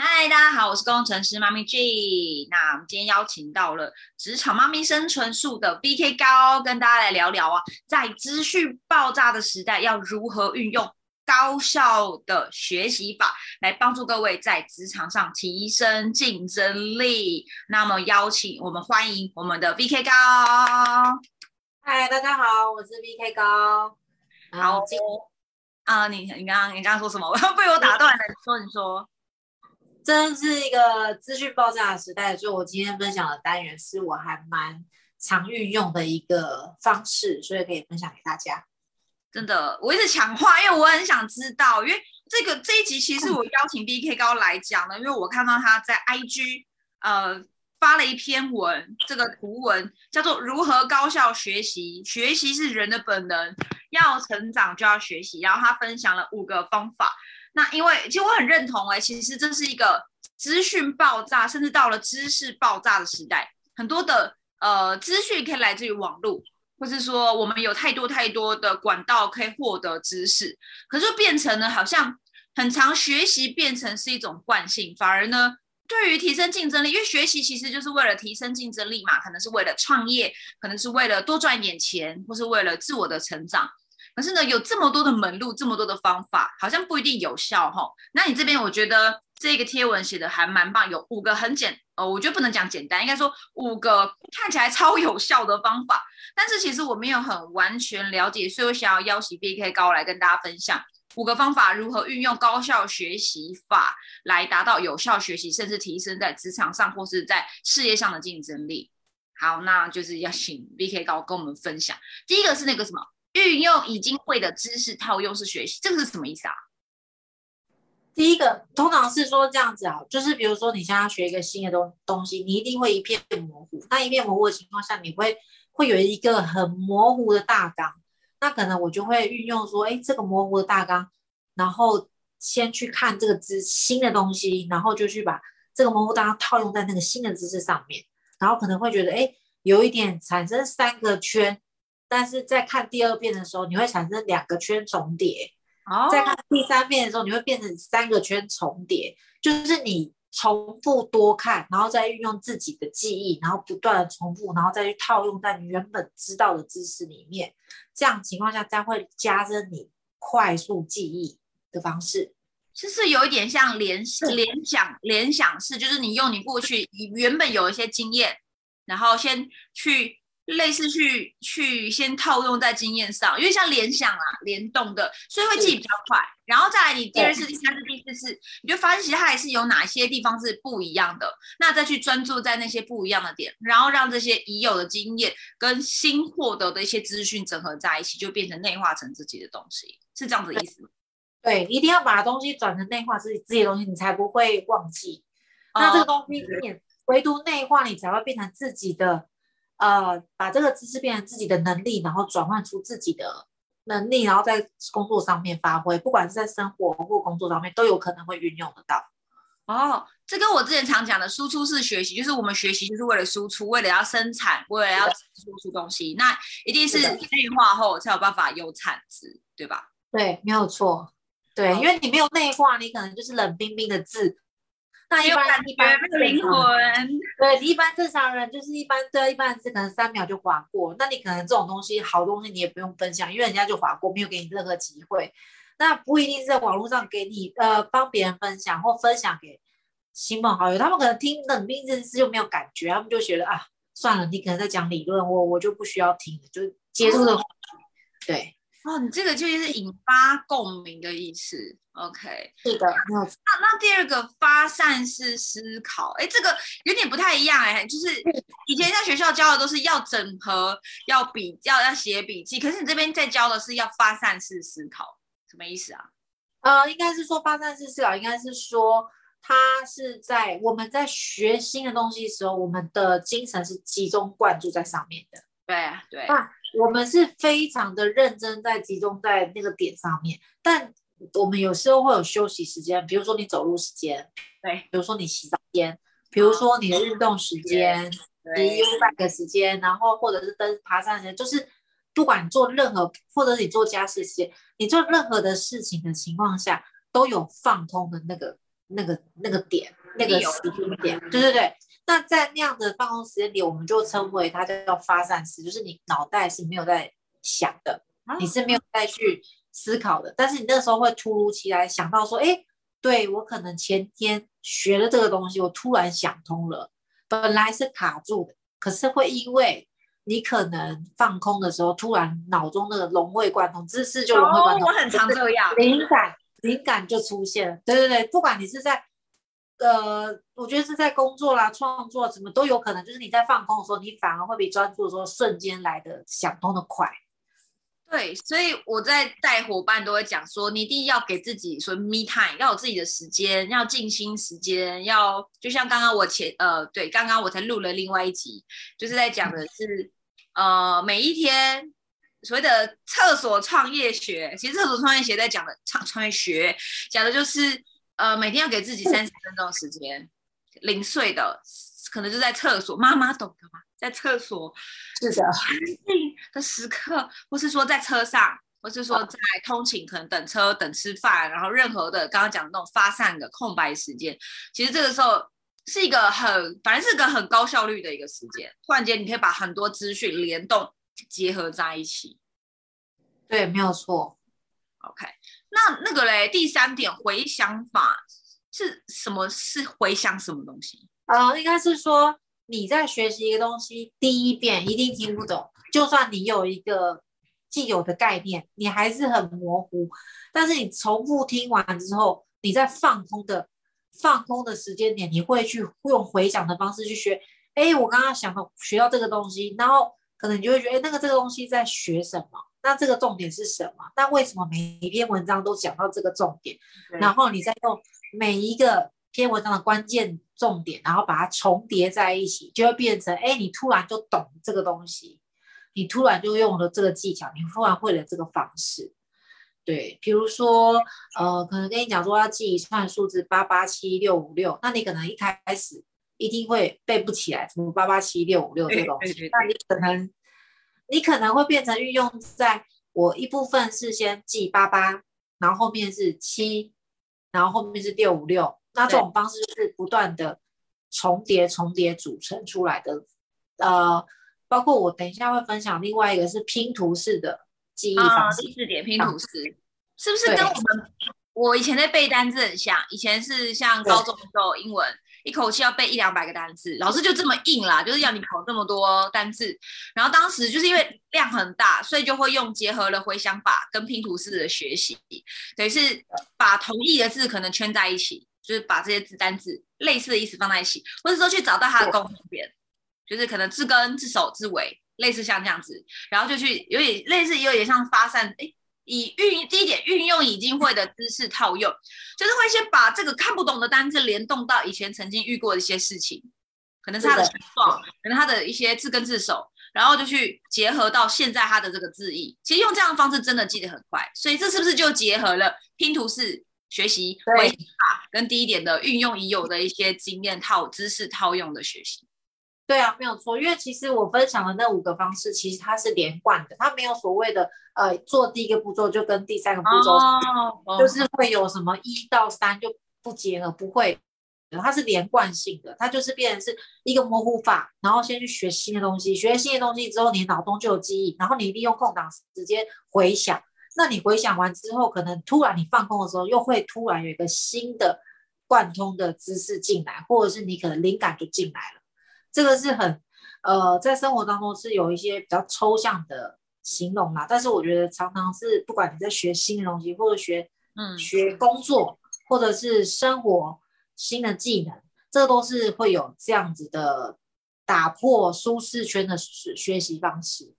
嗨，Hi，大家好，我是工程師媽咪 G。那我們今天邀請到了《職場媽咪生存術》的 VK 高，跟大家來聊聊啊，在資訊爆炸的時代，要如何運用高效的學習法來幫助各位在職場上提升競爭力？那麼邀請我們歡迎我們的 VK 高。嗨，大家好，我是 VK 高。好，然後啊，你剛剛你剛剛你剛剛說什麼？我要被 我打斷了，你說你說。真的是一個資訊爆炸的時代，所以我今天分享的單元是我還蠻常運用的一個方式，所以可以分享給大家。真的，我一直搶話，因為我很想知道，因為這個這一集其實我邀請 VK 高來講呢，嗯、因為我看到他在 IG 呃發了一篇文，這個圖文叫做《如何高效學習》，學習是人的本能，要成長就要學習，然後他分享了五個方法。那因為其實我很認同哎，其實這是一個資訊爆炸，甚至到了知識爆炸的時代。很多的呃資訊可以來自於網絡，或是說我們有太多太多的管道可以獲得知識，可是就變成呢，好像很常學習變成是一種慣性，反而呢，對於提升競爭力，因為學習其實就是為了提升競爭力嘛，可能是為了創業，可能是為了多賺一點錢，或是為了自我的成長。可是呢，有這麼多的門路，這麼多的方法，好像不一定有效哦，那你這邊，我覺得這個貼文寫得還蠻棒，有五個很簡，呃，我覺得不能講簡單，應該說五個看起來超有效的方法。但是其實我沒有很完全了解，所以我想要邀請 VK 高來跟大家分享五個方法，如何運用高效學習法來達到有效學習，甚至提升在職場上或是在事業上的競爭力。好，那就是要請 VK 高跟我們分享。第一個是那個什麼？運用已經會的知識套用式學習，這個是什麼意思啊？第一個通常是說這樣子啊，就是比如說你想要學一個新的東東西，你一定會一片模糊。那一片模糊的情況下，你會會有一個很模糊的大綱。那可能我就會運用說，哎，這個模糊的大綱，然後先去看這個知新的東西，然後就去把這個模糊大綱套套用在那個新的知識上面，然後可能會覺得，哎，有一點產生三個圈。但是在看第二遍的時候，你會產生兩個圈重疊；在、oh. 看第三遍的時候，你會變成三個圈重疊。就是你重複多看，然後再運用自己的記憶，然後不斷的重複，然後再去套用在你原本知道的知識裡面。這樣的情況下，才會加深你快速記憶的方式。就是有一點像聯是聯想，聯想式，就是你用你過去你對原本有一些經驗，然後先去。類似去去先套用在經驗上，因為像聯想啊、聯動的，所以會記憶比較快。對 然後再來，你第二次、對 第三次、第四次，你就發現其實它還是有哪些地方是不一樣的。那再去專注在那些不一樣的點，然後讓這些已有的經驗跟新獲得的一些資訊整合在一起，就變成內化成自己的東西，是這樣子的意思嗎？對，一定要把東西轉成內化自己自己的東西，你才不會忘記。Uh, 那這個東西，唯獨內化你才會變成自己的。呃，把這個知識變成自己的能力，然後轉換出自己的能力，然後在工作上面發揮，不管是在生活或工作上面，都有可能會運用得到。哦，這跟我之前常講的輸出式學習，就是我們學習就是為了輸出，為了要生產，為了要輸出東西，的那一定是內化後才有辦法有產值，對吧？對，沒有錯。對，哦、因為你沒有內化，你可能就是冷冰冰的字。那一般一般靈魂，對一般正常人就是一般，對一般人是可能三秒就劃過。那你可能這種東西，好東西你也不用分享，因為人家就劃過，沒有給你任何機會。那不一定是在網絡上給你呃幫別人分享或分享給親朋好友，他們可能聽冷冰冰的事就沒有感覺，他們就覺得啊算了，你可能在講理論，我我就不需要聽了，就結束的話。對。哦，你這個就是引發共鳴的意思，OK，是的。那那第二個發散式思考，哎，這個有點不太一樣哎、欸，就是以前在學校教的都是要整合要、要比較、要寫筆記，可是你這邊在教的是要發散式思考，什麼意思啊？呃，應該是說發散式思考，應該是說它是在我們在學新的東西的時候，我們的精神是集中貫注在上面的。對、啊、對。啊我們是非常的認真，在集中在那個點上面，但我們有時候會有休息時間，比如說你走路時間，對，比如說你洗澡間，比如說你的運動時間，對，U b 個時間，然後或者是登爬山時間，就是不管你做任何，或者是你做家事時間，你做任何的事情的情況下，都有放空的那個那個那個點，那個時間點，對對對。那在那樣的放空時間裡，我們就稱為它叫發散式，就是你腦袋是沒有在想的，啊、你是沒有再去思考的，但是你那時候會突如其來想到說，哎、欸，對我可能前天學了這個東西，我突然想通了，本來是卡住的，可是會因為你可能放空的時候，突然腦中那個融會貫通，知識就融會貫通，我很常就要，靈感靈感就出現了，對對對，不管你是在。呃，我覺得是在工作啦、創作什麼都有可能。就是你在放空的時候，你反而會比專注的時候瞬間來的想通的快。對，所以我在帶伙伴都會講說，你一定要給自己說 Me Time，要有自己的時間，要靜心時間，要就像剛剛我前呃，對，剛剛我才錄了另外一集，就是在講的是、嗯、呃，每一天所謂的廁所創業學，其實廁所創業學在講的創創業學，講的就是。呃，每天要給自己三十分鐘的時間，的零碎的，可能就在廁所，媽媽懂的嗎？在廁所是的的時刻，或是說在車上，或是說在通勤，哦、可能等車、等吃飯，然後任何的剛剛講的那種發散的空白時間，其實這個時候是一個很，反正是個很高效率的一個時間。突然間，你可以把很多資訊聯動結合在一起。對，沒有錯。OK。那那個嘞，第三點回想法是什麼？是回想什麼東西？啊、呃，應該是說你在學習一個東西，第一遍一定聽不懂，就算你有一個既有的概念，你還是很模糊。但是你重複聽完之後，你在放空的放空的時間點，你會去會用回想的方式去學。哎、欸，我剛剛想學到這個東西，然後可能你就會覺得，欸、那個這個東西在學什麼？那這個重點是什麼？那為什麼每一篇文章都講到這個重點？對然後你再用每一個篇文章的關鍵重點，然後把它重疊在一起，就會變成：哎，你突然就懂這個東西，你突然就用了這個技巧，你突然會了這個方式。對，比如說，呃，可能跟你講說要記一串數字八八七六五六，那你可能一開始一定會背不起來，什麼八八七六五六這東西，那、欸欸欸、你可能。你可能會變成運用在我一部分是先記八八，然後後面是七，然後後面是六五六，那這種方式是不斷的重疊重疊組成出來的。呃，包括我等一下會分享另外一個是拼圖式的記憶方式，啊、第四點拼圖式、啊、是不是跟我們對我以前在背單詞很像？以前是像高中的時候英文。一口氣要背一兩百個單詞，老師就這麼硬啦，就是要你考這麼多單字。然後當時就是因為量很大，所以就會用結合了回想法跟拼圖式的學習，等於是把同義的字可能圈在一起，就是把這些字、單字類似的意思放在一起，或者說去找到它的共同點，對就是可能字根、字首、字尾類似像這樣子，然後就去有點類似也有點像發散，哎。以運第一點運用已經會的知識套用，就是會先把這個看不懂的單詞聯動到以前曾經遇過的一些事情，可能是他的情況，的可能他的一些字根字首，然後就去結合到現在他的這個字義。其實用這樣的方式真的記得很快，所以這是不是就結合了拼圖式學習對？跟第一點的運用已有的一些經驗套知識套用的學習？對啊，沒有錯，因為其實我分享的那五個方式，其實它是連貫的，它沒有所謂的呃，做第一個步驟就跟第三個步驟，哦、就是會有什麼一到三就不接了，不會，它是連貫性的，它就是變成是一個模糊法，然後先去學新的東西，學新的東西之後，你腦中就有記憶，然後你利用空檔時間回想，那你回想完之後，可能突然你放空的時候，又會突然有一個新的貫通的知識進來，或者是你可能靈感就進來了。這個是很，呃，在生活當中是有一些比較抽象的形容啦，但是我覺得常常是不管你在學新的東西或者學，嗯，學工作或者是生活新的技能，這都是會有這樣子的打破舒適圈的學習方式。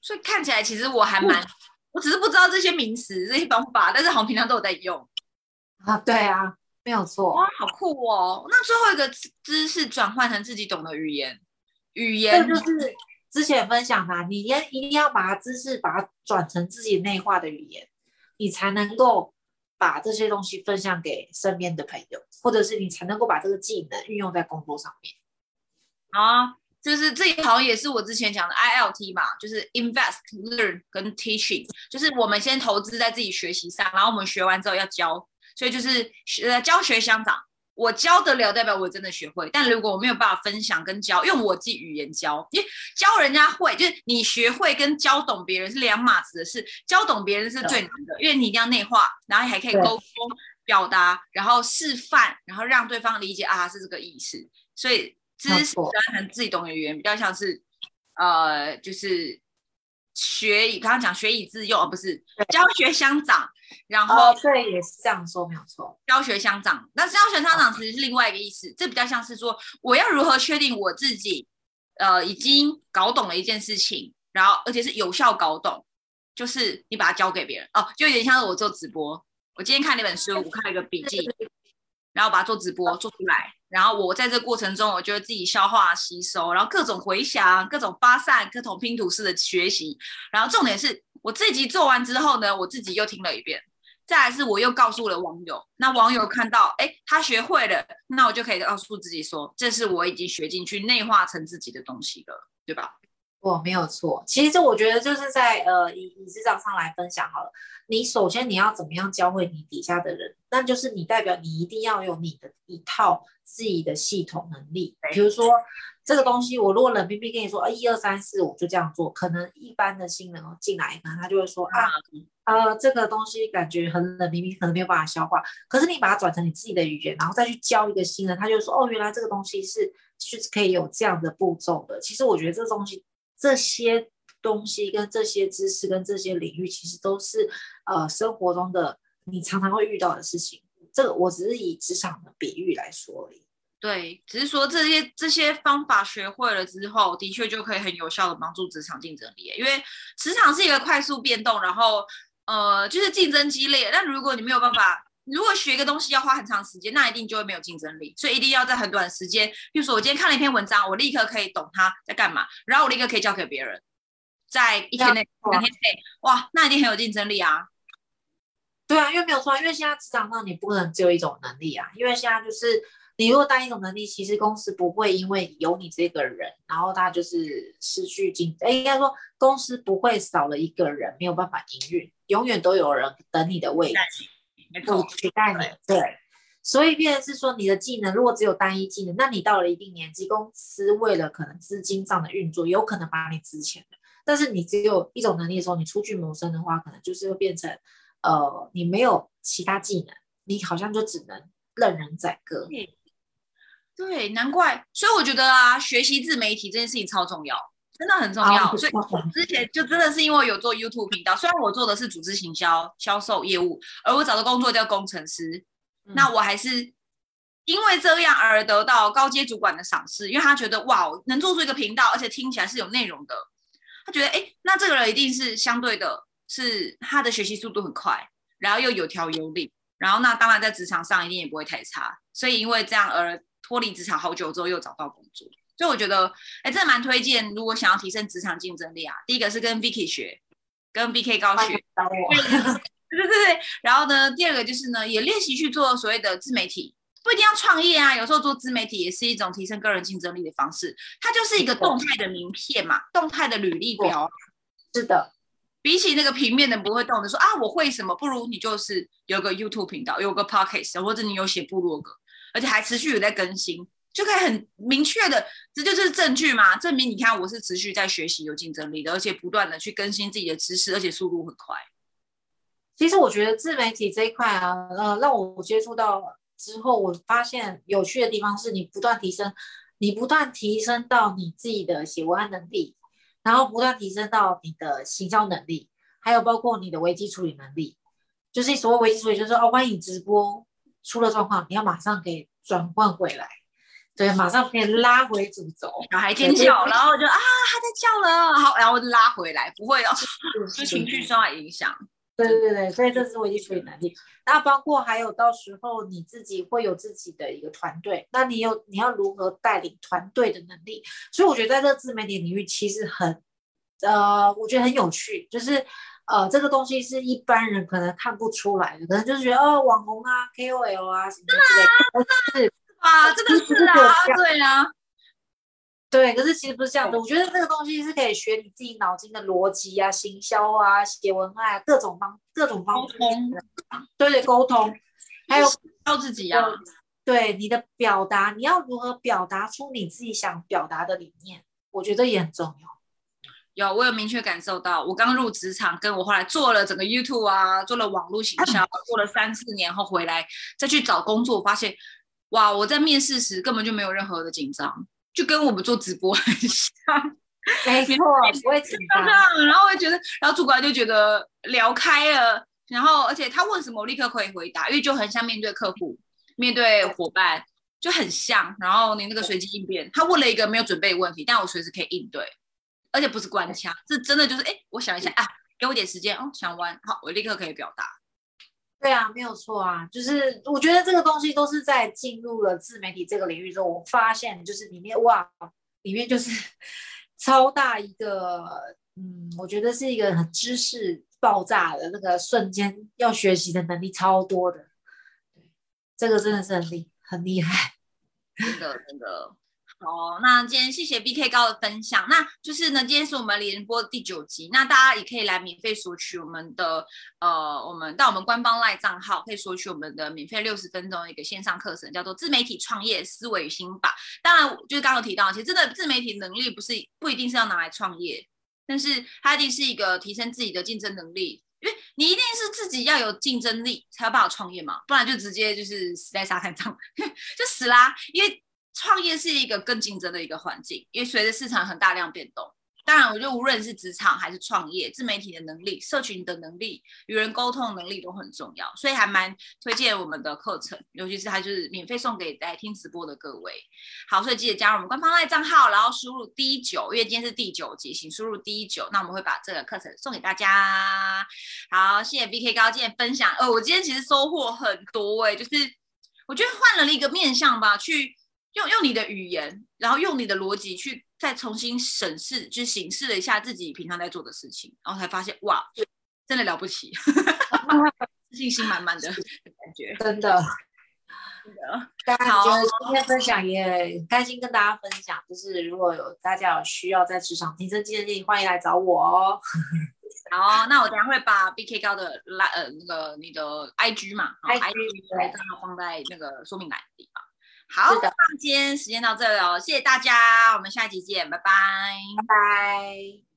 所以看起來其實我還蠻，我，我只是不知道這些名詞，這些方法，但是好像平常都有在用啊，對啊。沒有錯，哇，好酷哦！那最後一個知知識轉換成自己懂的語言，語言就是之前分享的，你一定要把知識把它轉成自己內化的語言，你才能夠把這些東西分享給身邊的朋友，或者是你才能夠把這個技能運用在工作上面啊。就是這好像也是我之前講的 I L T 嘛，就是 invest learn 跟 teaching，就是我們先投資在自己學習上，然後我們學完之後要教。所以就是呃教學相長，我教得了，代表我真的學會，但如果我沒有辦法分享跟教，用我自己語言教，你教人家會，就是你學會跟教懂別人是兩碼子的事，教懂別人是最難的，嗯、因為你一定要內化，然後你還可以溝通對表達，然後示範，然後讓對方理解啊，是這個意思，所以知識轉換、啊、錯自己懂的語言比較像是，呃就是。學以，剛剛講學以致用而、啊、不是對教學相長，然後、哦、對，也是這樣說，沒有錯，教學相長，那教學相長其實是另外一個意思，哦、這比較像是說我要如何確定我自己，呃，已經搞懂了一件事情，然後而且是有效搞懂，就是你把它教給別人哦，就有點像是我做直播，我今天看那本書，我看了一個筆記。然後把它做直播做出來，然後我在這個過程中，我就會自己消化吸收，然後各種回想、各種發散、各種拼圖式的學習。然後重點是，我自己做完之後呢，我自己又聽了一遍，再來是我又告訴了網友，那網友看到，哎，他學會了，那我就可以告訴自己說，這是我已經學進去、內化成自己的東西了，對吧？我、哦、沒有錯，其實這我覺得就是在呃以以職場上來分享好了。你首先你要怎麼樣教會你底下的人，那就是你代表你一定要有你的一套自己的系統能力。比如說對這個東西，我如果冷冰冰跟你說，呃、啊，一二三四五就這樣做，可能一般的新人哦進來，可能他就會說、嗯、啊，呃，這個東西感覺很冷冰冰，可能沒有辦法消化。可是你把它轉成你自己的語言，然後再去教一個新人，他就說，哦，原來這個東西是、就是可以有這樣的步驟的。其實我覺得這個東西。這些東西跟這些知識跟這些領域，其實都是呃生活中的你常常會遇到的事情。這個我只是以職場的比喻來說而已。對，只是說這些這些方法學會了之後，的確就可以很有效的幫助職場競爭力，因為職場是一個快速變動，然後呃就是競爭激烈，但如果你沒有辦法，如果學一個東西要花很長時間，那一定就會沒有競爭力，所以一定要在很短的時間。比如說，我今天看了一篇文章，我立刻可以懂他在幹嘛，然後我立刻可以教給別人，在一天內、對啊、對啊、兩天內，哇，那一定很有競爭力啊！對啊，因為沒有錯，因為現在職場上你不能只有一種能力啊。因為現在就是，你如果單一種能力，其實公司不會因為有你這個人，然後他就是失去競爭，哎，應該說公司不會少了一個人，沒有辦法營運，永遠都有人等你的位置。能夠取代你，對，所以變的是說，你的技能如果只有單一技能，那你到了一定年紀，公司為了可能資金上的運作，有可能把你資遣了。但是你只有一種能力的時候，你出去謀生的話，可能就是會變成，呃，你沒有其他技能，你好像就只能任人宰割。對，難怪。所以我覺得啊，學習自媒體這件事情超重要。真的很重要，好所以之前就真的是因為有做 YouTube 頻道。雖然我做的是組織行銷銷售業務，而我找的工作的叫工程師，嗯、那我還是因為這樣而得到高階主管的賞識，因為他覺得哇，能做出一個頻道，而且聽起來是有內容的，他覺得哎，那這個人一定是相對的，是他的學習速度很快，然後又有條有理，然後那當然在職場上一定也不會太差，所以因為這樣而脫離職場好久之後又找到工作。所以我覺得，哎，這的蠻推薦。如果想要提升職場競爭力啊，第一個是跟 Vicky 學，跟 VK 高學。等我。對對對。然後呢，第二個就是呢，也練習去做所謂的自媒體，不一定要創業啊。有時候做自媒體也是一種提升個人競爭力的方式。它就是一個動態的名片嘛，動態的履歷表。是的。比起那個平面的不會動的，說啊我會什麼，不如你就是有個 YouTube 頻道，有個 Podcast，或者你有寫部落格，而且還持續有在更新，就可以很明確的。這就是證據嘛，證明，你看我是持續在學習有競爭力的，而且不斷的去更新自己的知識，而且速度很快。其實我覺得自媒體這一塊啊，呃，讓我接觸到之後，我發現有趣的地方是你不斷提升，你不斷提升到你自己的寫文案能力，然後不斷提升到你的行銷能力，還有包括你的危機處理能力，就是所謂危機處理，就是哦，萬一你直播出了狀況，你要馬上給轉換回來。對，馬上可以拉回主軸，小孩尖叫，對對對，然後我就啊，他在叫了，好，然後我就拉回來，不會哦，就情緒受到影響。對對對，對，對，對，所以這是危機處理能力。對對對，那包括還有到時候你自己會有自己的一個團隊，那你有你要如何帶領團隊的能力？所以我覺得在這自媒體領域其實很，呃，我覺得很有趣，就是呃，這個東西是一般人可能看不出來的，可能就是覺得哦，網紅啊、KOL 啊什麼的。啊,啊，真的是啊，嗯、是對啊，對，可是其實不是這樣子。我覺得這個東西是可以學你自己腦筋的邏輯啊，行銷啊，寫文案、啊、各種方各種方、啊、溝通，對對，溝通，溝通還有靠自己啊，對你的表達，你要如何表達出你自己想表達的理念，我覺得也很重要。有，我有明確感受到，我剛入職場，跟我後來做了整個 YouTube 啊，做了網絡行銷，嗯、做了三四年後回來再去找工作，發現。哇！我在面試時根本就沒有任何的緊張，就跟我們做直播很像，沒錯，我也面試 不會緊張。然後我也覺得，然後主管就覺得聊開了。然後而且他問什麼，我立刻可以回答，因為就很像面對客戶、面對夥伴，就很像。然後你那個隨機應變，他問了一個沒有準備的問題，但我隨時可以應對，而且不是官腔，是真的就是哎，我想一下啊，給我點時間哦，想完好，我立刻可以表達。對啊，沒有錯啊，就是我覺得這個東西都是在進入了自媒體這個領域之後，我發現就是裡面哇，裡面就是超大一個，嗯，我覺得是一個很知識爆炸的那個瞬間，要學習的能力超多的，這個真的是很厲很厲害真，真的真的。好，oh, 那今天謝謝 VK 高的分享。那就是呢，今天是我們聯播第九集。那大家也可以來免費索取我們的，呃，我們到我們官方 LINE 賬號可以索取我們的免費六十分鐘的一個線上課程，叫做自媒體創業思維新法。當然，就是剛剛提到，其實真的自媒體能力不是不一定是要拿來創業，但是它一定是一個提升自己的競爭能力，因為你一定是自己要有競爭力，才有辦法創業嘛，不然就直接就是死在沙灘上， 就死啦，因為。創業是一個更競爭的一個環境，因為隨着市場很大量變動。當然，我覺得無論是職場還是創業，自媒體的能力、社群的能力、與人溝通的能力都很重要，所以還蠻推薦我們的課程，尤其是它就是免費送給在聽直播的各位。好，所以記得加入我們官方 LINE 賬號，然後輸入 D 九，因為今天是第九集，請輸入 D 九，那我們會把這個課程送給大家。好，謝謝 VK 高見分享。呃、哦，我今天其實收穫很多、欸、就是我覺得換了一個面向吧，去。用用你的語言，然後用你的邏輯去再重新審視，去審視了一下自己平常在做的事情，然後才發現哇，真的了不起， 信心滿滿的感覺， 真的，真的。好，今天分享耶，開心跟大家分享。 就是如果有大家有需要在職場提升記憶力，歡迎來找我哦。 好哦，那我等下會把 V K 高的拉呃那個你的 I G 嘛，I G 來正好放在那個說明欄的地方。好的，今天時間到這裡了，謝謝大家，我們下一集見，拜拜，拜拜。